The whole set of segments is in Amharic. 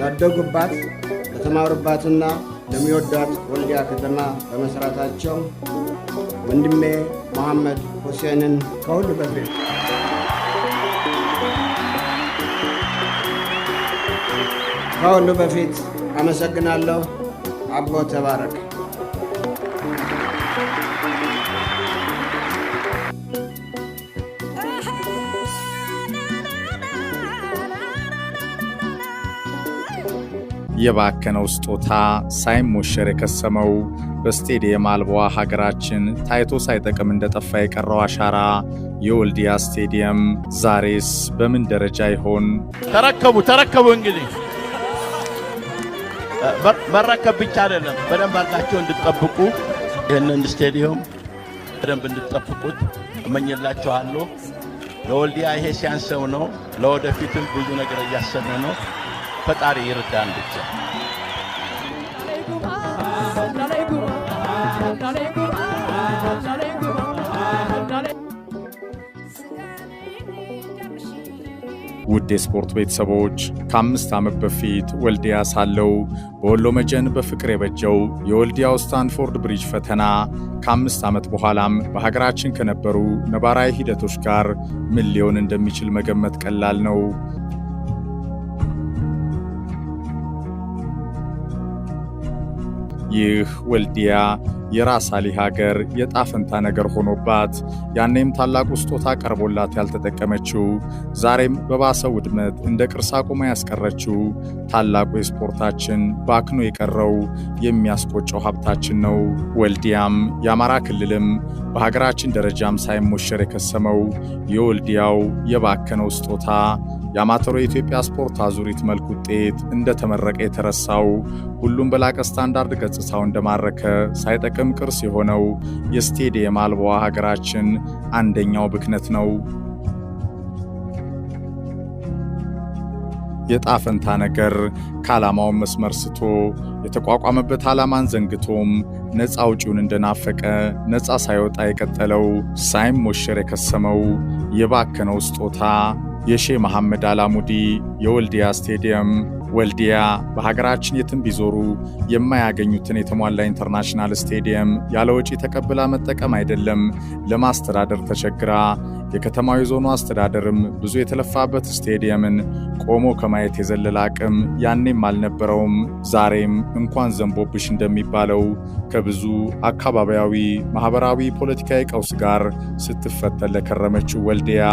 ላደጉባት ለተማሩባትና ለሚወዷት ወልዲያ ከተማ በመስራታቸው ወንድሜ መሐመድ ሁሴንን ከሁሉ በፊት ከሁሉ በፊት አመሰግናለሁ። አቦ ተባረክ። የባከነው ስጦታ ሳይሞሸር የከሰመው በስቴዲየም አልቧ ሀገራችን ታይቶ ሳይጠቅም እንደጠፋ የቀረው አሻራ የወልዲያ ስቴዲየም ዛሬስ በምን ደረጃ ይሆን? ተረከቡ ተረከቡ። እንግዲህ መረከብ ብቻ አይደለም፣ በደንብ አርጋቸው እንድጠብቁ ይህንን ስቴዲየም በደንብ እንድጠብቁት እመኝላችኋለሁ። ለወልዲያ ይሄ ሲያንሰው ነው። ለወደፊትም ብዙ ነገር እያሰነ ነው። ፈጣሪ ይርዳን ብቻ። ውድ የስፖርት ቤተሰቦች ከአምስት ዓመት በፊት ወልዲያ ሳለው በወሎ መጀን በፍቅር የበጀው የወልዲያው ስታንፎርድ ብሪጅ ፈተና ከአምስት ዓመት በኋላም በሀገራችን ከነበሩ ነባራዊ ሂደቶች ጋር ምን ሊሆን እንደሚችል መገመት ቀላል ነው። ይህ ወልዲያ የራስ አሊ ሀገር የጣፍንታ ነገር ሆኖባት ያኔም ታላቁ ስጦታ ቀርቦላት ያልተጠቀመችው ዛሬም በባሰ ውድመት እንደ ቅርስ አቁማ ያስቀረችው ታላቁ የስፖርታችን ባክኖ የቀረው የሚያስቆጨው ሀብታችን ነው። ወልዲያም የአማራ ክልልም በሀገራችን ደረጃም ሳይሞሸር የከሰመው የወልዲያው የባከነው ስጦታ የአማተሩ የኢትዮጵያ ስፖርት አዙሪት መልክ ውጤት እንደተመረቀ የተረሳው ሁሉም በላቀ ስታንዳርድ ገጽታው እንደማረከ ሳይጠቅም ቅርስ የሆነው የስቴዲየም አልባዋ ሀገራችን አንደኛው ብክነት ነው። የጣፈንታ ነገር ከዓላማውን መስመር ስቶ የተቋቋመበት ዓላማን ዘንግቶም ነፃ አውጪውን እንደናፈቀ ነፃ ሳይወጣ የቀጠለው ሳይሞሸር የከሰመው የባከነው ስጦታ የሼህ መሐመድ አላሙዲ የወልዲያ ስቴዲየም ወልዲያ በሀገራችን የትም ቢዞሩ የማያገኙትን የተሟላ ኢንተርናሽናል ስቴዲየም ያለ ወጪ ተቀብላ መጠቀም አይደለም ለማስተዳደር ተቸግራ የከተማዊ ዞኑ አስተዳደርም ብዙ የተለፋበት ስቴዲየምን ቆሞ ከማየት የዘለለ አቅም ያኔም አልነበረውም። ዛሬም እንኳን ዘንቦብሽ እንደሚባለው ከብዙ አካባቢያዊ፣ ማህበራዊ ፖለቲካዊ ቀውስ ጋር ስትፈተን ለከረመችው ወልዲያ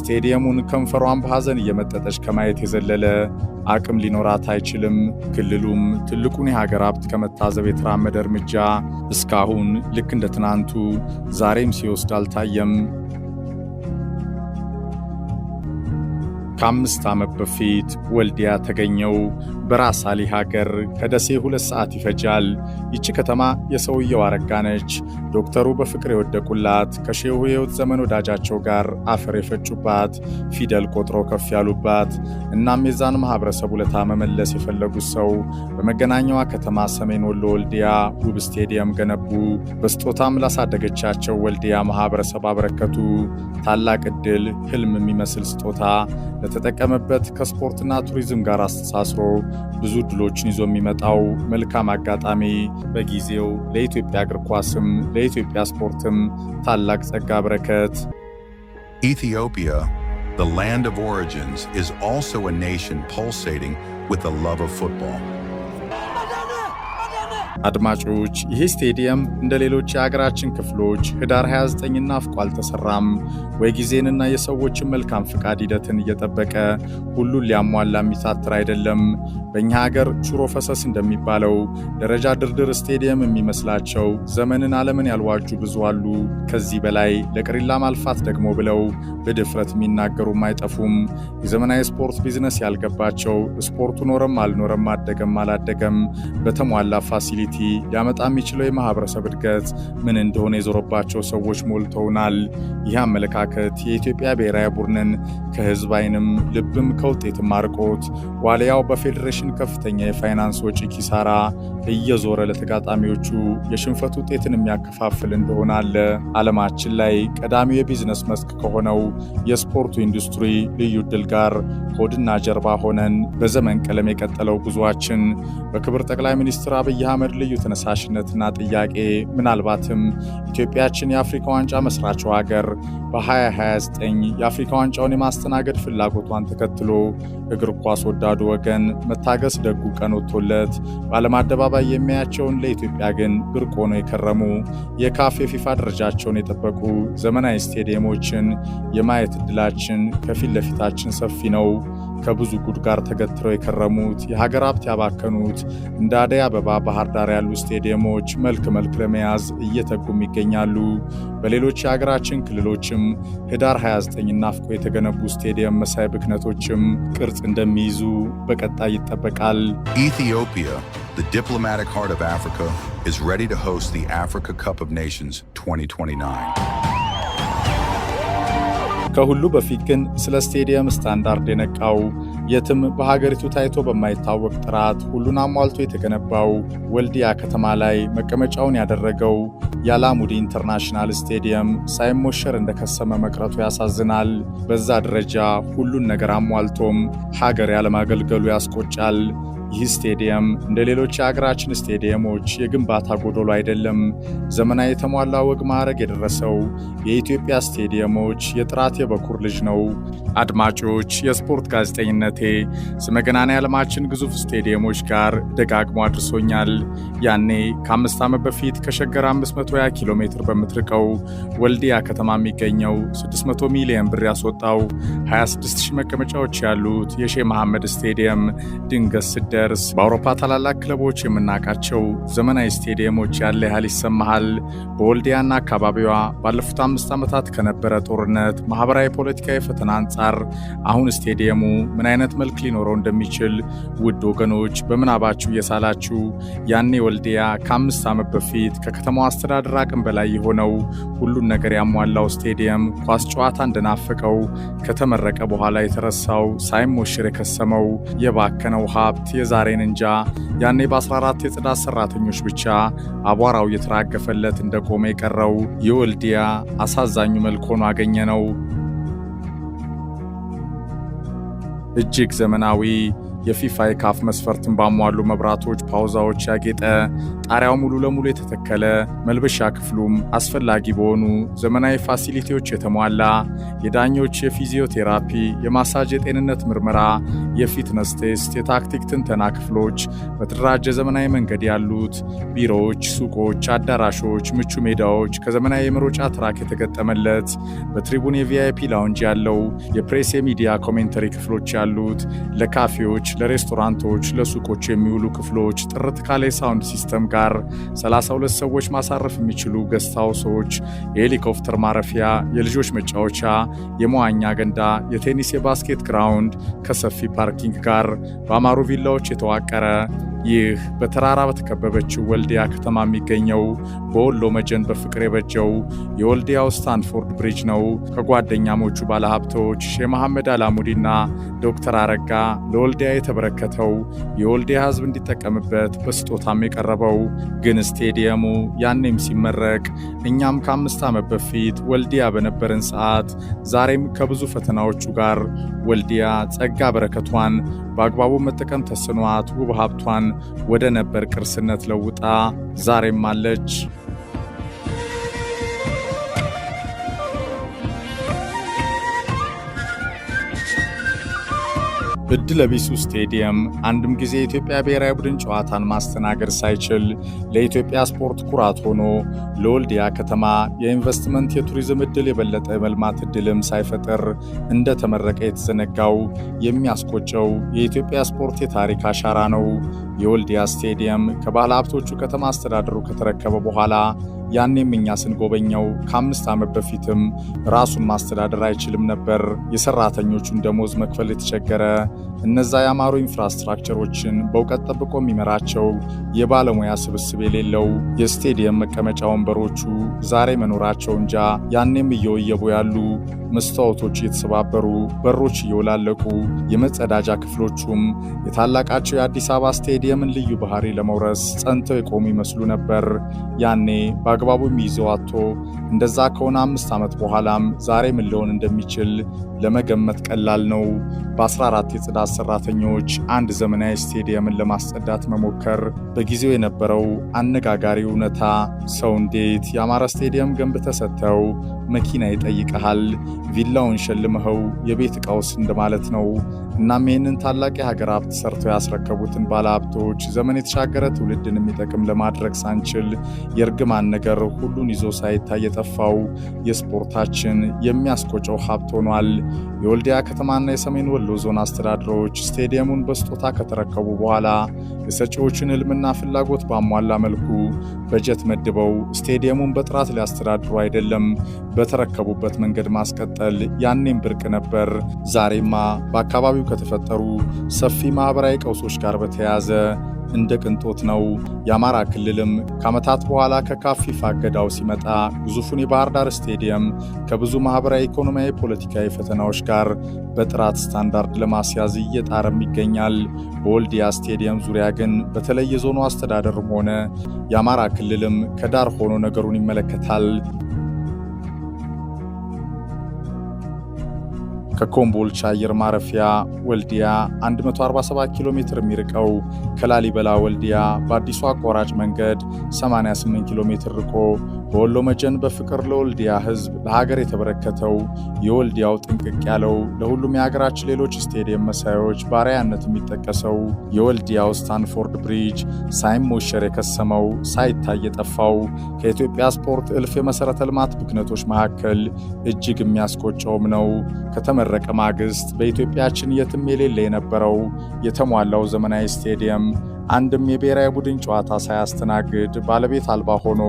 ስቴዲየሙን ከንፈሯን በሐዘን እየመጠጠች ከማየት የዘለለ አቅም ሊኖራት አይችልም። ክልሉም ትልቁን የሀገር ሀብት ከመታዘብ የተራመደ እርምጃ እስካሁን ልክ እንደ ትናንቱ ዛሬም ሲወስድ አልታየም። ከአምስት ዓመት በፊት ወልዲያ ተገኘው በራስ አሊ ሀገር ከደሴ ሁለት ሰዓት ይፈጃል። ይቺ ከተማ የሰውየው አረጋ ነች። ዶክተሩ በፍቅር የወደቁላት ከሼሁ የሕይወት ዘመን ወዳጃቸው ጋር አፈር የፈጩባት ፊደል ቆጥሮ ከፍ ያሉባት። እናም የዛን ማህበረሰብ ውለታ መመለስ የፈለጉት ሰው በመገናኛዋ ከተማ ሰሜን ወሎ ወልዲያ ውብ ስቴዲየም ገነቡ። በስጦታም ላሳደገቻቸው ወልዲያ ማህበረሰብ አበረከቱ። ታላቅ ዕድል፣ ህልም የሚመስል ስጦታ ለተጠቀመበት ከስፖርትና ቱሪዝም ጋር አስተሳስሮ ብዙ ድሎችን ይዞ የሚመጣው መልካም አጋጣሚ በጊዜው ለኢትዮጵያ እግር ኳስም ለኢትዮጵያ ስፖርትም ታላቅ ጸጋ በረከት። ኢትዮጵያ the land of origins is also a nation pulsating with the love of football. አድማጮች ይህ ስቴዲየም እንደ ሌሎች የአገራችን ክፍሎች ህዳር 29ና አፍቆ አልተሰራም ወይ ጊዜንና የሰዎችን መልካም ፍቃድ ሂደትን እየጠበቀ ሁሉን ሊያሟላ የሚታትር አይደለም። በእኛ ሀገር ሹሮ ፈሰስ እንደሚባለው ደረጃ ድርድር ስቴዲየም የሚመስላቸው ዘመንን አለምን ያልዋጁ ብዙ አሉ። ከዚህ በላይ ለቅሪላ ማልፋት ደግሞ ብለው በድፍረት የሚናገሩም አይጠፉም። የዘመናዊ ስፖርት ቢዝነስ ያልገባቸው ስፖርቱ ኖረም አልኖረም አደገም አላደገም በተሟላ ፋሲሊ ሞቢሊቲ ሊያመጣ የሚችለው የማህበረሰብ እድገት ምን እንደሆነ የዞረባቸው ሰዎች ሞልተውናል። ይህ አመለካከት የኢትዮጵያ ብሔራዊ ቡድንን ከህዝብ አይንም ልብም ከውጤትም አርቆት ዋልያው በፌዴሬሽን ከፍተኛ የፋይናንስ ወጪ ኪሳራ እየዞረ ለተጋጣሚዎቹ የሽንፈት ውጤትን የሚያከፋፍል እንደሆነ አለ። ዓለማችን ላይ ቀዳሚው የቢዝነስ መስክ ከሆነው የስፖርቱ ኢንዱስትሪ ልዩ ድል ጋር ሆድና ጀርባ ሆነን በዘመን ቀለም የቀጠለው ጉዞችን በክብር ጠቅላይ ሚኒስትር አብይ አህመድ ልዩ ተነሳሽነትና ጥያቄ ምናልባትም ኢትዮጵያችን የአፍሪካ ዋንጫ መስራቸው ሀገር በ2029 የአፍሪካ ዋንጫውን የማስተናገድ ፍላጎቷን ተከትሎ እግር ኳስ ወዳዱ ወገን መታገስ ደጉ ቀን ወጥቶለት በዓለም አደባባይ የሚያያቸውን ለኢትዮጵያ ግን ብርቅ ሆነው የከረሙ የካፍ የፊፋ ደረጃቸውን የጠበቁ ዘመናዊ ስቴዲየሞችን የማየት ዕድላችን ከፊት ለፊታችን ሰፊ ነው። ከብዙ ጉድ ጋር ተገትረው የከረሙት የሀገር ሀብት ያባከኑት እንደ አደይ አበባ ባህር ዳር ያሉ ስቴዲየሞች መልክ መልክ ለመያዝ እየተጉም ይገኛሉ። በሌሎች የሀገራችን ክልሎችም ህዳር 29 ናፍቆ የተገነቡ ስቴዲየም መሳይ ብክነቶችም ቅርጽ እንደሚይዙ በቀጣይ ይጠበቃል። ኢትዮጵያ The diplomatic heart of Africa is ready to host the Africa Cup of Nations 2029. ከሁሉ በፊት ግን ስለ ስቴዲየም ስታንዳርድ የነቃው የትም በሀገሪቱ ታይቶ በማይታወቅ ጥራት ሁሉን አሟልቶ የተገነባው ወልዲያ ከተማ ላይ መቀመጫውን ያደረገው የአላሙዲ ኢንተርናሽናል ስቴዲየም ሳይሞሸር እንደከሰመ መቅረቱ ያሳዝናል። በዛ ደረጃ ሁሉን ነገር አሟልቶም ሀገር ያለማገልገሉ ያስቆጫል። ይህ ስቴዲየም እንደ ሌሎች የሀገራችን ስቴዲየሞች የግንባታ ጎዶሎ አይደለም። ዘመናዊ የተሟላ ወግ ማዕረግ የደረሰው የኢትዮጵያ ስቴዲየሞች የጥራት የበኩር ልጅ ነው። አድማጮች፣ የስፖርት ጋዜጠኝነቴ ስመገናን የዓለማችን ግዙፍ ስቴዲየሞች ጋር ደጋግሞ አድርሶኛል። ያኔ ከአምስት ዓመት በፊት ከሸገር 520 ኪሎ ሜትር በምትርቀው ወልዲያ ከተማ የሚገኘው 600 ሚሊዮን ብር ያስወጣው 26000 መቀመጫዎች ያሉት የሼህ መሐመድ ስቴዲየም ድንገት ስደ ሲደርስ በአውሮፓ ታላላቅ ክለቦች የምናውቃቸው ዘመናዊ ስቴዲየሞች ያለ ያህል ይሰማሃል። በወልዲያና አካባቢዋ ባለፉት አምስት ዓመታት ከነበረ ጦርነት፣ ማኅበራዊ፣ ፖለቲካዊ ፈተና አንጻር አሁን ስቴዲየሙ ምን አይነት መልክ ሊኖረው እንደሚችል ውድ ወገኖች በምናባችሁ እየሳላችሁ ያኔ ወልዲያ ከአምስት ዓመት በፊት ከከተማዋ አስተዳደር አቅም በላይ የሆነው ሁሉን ነገር ያሟላው ስቴዲየም ኳስ ጨዋታ እንደናፈቀው ከተመረቀ በኋላ የተረሳው ሳይሞሽር የከሰመው የባከነው ሀብት ዛሬን እንጃ። ያኔ በ14 የጽዳት ሰራተኞች ብቻ አቧራው እየተራገፈለት እንደቆመ የቀረው የወልዲያ አሳዛኙ መልክ ሆኖ አገኘ ነው። እጅግ ዘመናዊ የፊፋ የካፍ መስፈርትን ባሟሉ መብራቶች፣ ፓውዛዎች ያጌጠ፣ ጣሪያው ሙሉ ለሙሉ የተተከለ፣ መልበሻ ክፍሉም አስፈላጊ በሆኑ ዘመናዊ ፋሲሊቲዎች የተሟላ፣ የዳኞች የፊዚዮቴራፒ፣ የማሳጅ፣ የጤንነት ምርመራ፣ የፊትነስ ቴስት፣ የታክቲክ ትንተና ክፍሎች በተደራጀ ዘመናዊ መንገድ ያሉት ቢሮዎች፣ ሱቆች፣ አዳራሾች፣ ምቹ ሜዳዎች ከዘመናዊ የመሮጫ ትራክ የተገጠመለት በትሪቡን የቪአይፒ ላውንጅ ያለው የፕሬስ የሚዲያ ኮሜንተሪ ክፍሎች ያሉት ለካፌዎች ለሬስቶራንቶች፣ ለሱቆች የሚውሉ ክፍሎች ጥርት ካለ የሳውንድ ሲስተም ጋር 32 ሰዎች ማሳረፍ የሚችሉ ገስት ሃውሶች፣ የሄሊኮፕተር ማረፊያ፣ የልጆች መጫወቻ፣ የመዋኛ ገንዳ፣ የቴኒስ፣ የባስኬት ግራውንድ ከሰፊ ፓርኪንግ ጋር በአማሩ ቪላዎች የተዋቀረ ይህ በተራራ በተከበበችው ወልዲያ ከተማ የሚገኘው በወሎ መጀን በፍቅር የበጀው የወልዲያው ስታንፎርድ ብሪጅ ነው። ከጓደኛሞቹ ባለሀብቶች ሼህ መሐመድ አላሙዲና ዶክተር አረጋ ለወልዲያ የተበረከተው የወልዲያ ሕዝብ እንዲጠቀምበት በስጦታም የቀረበው ግን ስቴዲየሙ ያኔም ሲመረቅ እኛም ከአምስት ዓመት በፊት ወልዲያ በነበረን ሰዓት ዛሬም ከብዙ ፈተናዎቹ ጋር ወልዲያ ጸጋ በረከቷን በአግባቡ መጠቀም ተስኗት ውብ ሀብቷን ወደ ነበር ቅርስነት ለውጣ ዛሬም አለች። እድለ ስቴዲየም አንድም ጊዜ የኢትዮጵያ ብሔራዊ ቡድን ጨዋታን ማስተናገድ ሳይችል ለኢትዮጵያ ስፖርት ኩራት ሆኖ ለወልዲያ ከተማ የኢንቨስትመንት የቱሪዝም እድል የበለጠ የመልማት እድልም ሳይፈጠር እንደተመረቀ የተዘነጋው የሚያስቆጨው የኢትዮጵያ ስፖርት የታሪክ አሻራ ነው። የወልዲያ ስቴዲየም ከባለ ሀብቶቹ ከተማ አስተዳደሩ ከተረከበ በኋላ ያኔም እኛ ስንጎበኘው ከአምስት ዓመት በፊትም ራሱን ማስተዳደር አይችልም ነበር። የሰራተኞቹን ደሞዝ መክፈል የተቸገረ እነዛ ያማሩ ኢንፍራስትራክቸሮችን በእውቀት ጠብቆ የሚመራቸው የባለሙያ ስብስብ የሌለው የስቴዲየም መቀመጫ ወንበሮቹ ዛሬ መኖራቸው እንጃ። ያኔም እየወየቡ ያሉ መስታወቶች እየተሰባበሩ፣ በሮች እየወላለቁ፣ የመጸዳጃ ክፍሎቹም የታላቃቸው የአዲስ አበባ ስቴዲየምን ልዩ ባህሪ ለመውረስ ጸንተው የቆሙ ይመስሉ ነበር ያኔ በአግባቡ የሚይዘው አቶ እንደዛ ከሆነ አምስት ዓመት በኋላም ዛሬ ምን ሊሆን እንደሚችል ለመገመት ቀላል ነው። በ14 የጽዳት ሰራተኞች አንድ ዘመናዊ ስቴዲየምን ለማስጸዳት መሞከር በጊዜው የነበረው አነጋጋሪ እውነታ። ሰው እንዴት የአማረ ስቴዲየም ገንብ ሰጥተው መኪና ይጠይቀሃል፣ ቪላውን ሸልመኸው የቤት ዕቃውስ እንደማለት ነው። እናም ይህንን ታላቅ የሀገር ሀብት ሰርተው ያስረከቡትን ባለሀብቶች ዘመን የተሻገረ ትውልድን የሚጠቅም ለማድረግ ሳንችል የእርግማን ነገር ሁሉን ይዞ ሳይታይ የጠፋው የስፖርታችን የሚያስቆጨው ሀብት ሆኗል። የወልዲያ ከተማና የሰሜን ወሎ ዞን አስተዳደሮች ስቴዲየሙን በስጦታ ከተረከቡ በኋላ የሰጪዎችን ህልምና ፍላጎት ባሟላ መልኩ በጀት መድበው ስቴዲየሙን በጥራት ሊያስተዳድሩ አይደለም፣ በተረከቡበት መንገድ ማስቀጠል ያኔም ብርቅ ነበር። ዛሬማ በአካባቢው ከተፈጠሩ ሰፊ ማኅበራዊ ቀውሶች ጋር በተያያዘ እንደ ቅንጦት ነው። የአማራ ክልልም ከዓመታት በኋላ ከካፊፋ አገዳው ሲመጣ ግዙፉን የባህር ዳር ስቴዲየም ከብዙ ማኅበራዊ፣ ኢኮኖሚያዊ፣ ፖለቲካዊ ፈተናዎች ጋር በጥራት ስታንዳርድ ለማስያዝ እየጣረም ይገኛል። በወልዲያ ስቴዲየም ዙሪያ ግን በተለይ የዞኑ አስተዳደርም ሆነ የአማራ ክልልም ከዳር ሆኖ ነገሩን ይመለከታል። ከኮምቦልቻ አየር ማረፊያ ወልዲያ 147 ኪሎ ሜትር የሚርቀው ከላሊበላ ወልዲያ በአዲሱ አቋራጭ መንገድ 88 ኪሎ ሜትር ርቆ በወሎ መጀን በፍቅር ለወልዲያ ህዝብ ለሀገር የተበረከተው የወልዲያው ጥንቅቅ ያለው ለሁሉም የሀገራችን ሌሎች ስቴዲየም መሳዮች በአርአያነት የሚጠቀሰው የወልዲያው ስታንፎርድ ብሪጅ ሳይሞሸር የከሰመው ሳይታይ የጠፋው ከኢትዮጵያ ስፖርት እልፍ የመሠረተ ልማት ብክነቶች መካከል እጅግ የሚያስቆጨውም ነው። ከተመረቀ ማግስት በኢትዮጵያችን የትም የሌለ የነበረው የተሟላው ዘመናዊ ስቴዲየም አንድም የብሔራዊ ቡድን ጨዋታ ሳያስተናግድ ባለቤት አልባ ሆኖ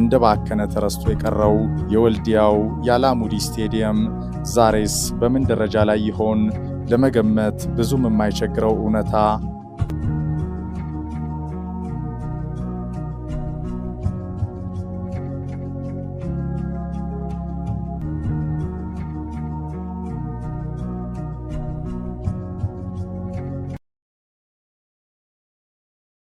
እንደ ባከነ ተረስቶ የቀረው የወልዲያው የአላሙዲ ስቴዲየም ዛሬስ በምን ደረጃ ላይ ይሆን? ለመገመት ብዙም የማይቸግረው እውነታ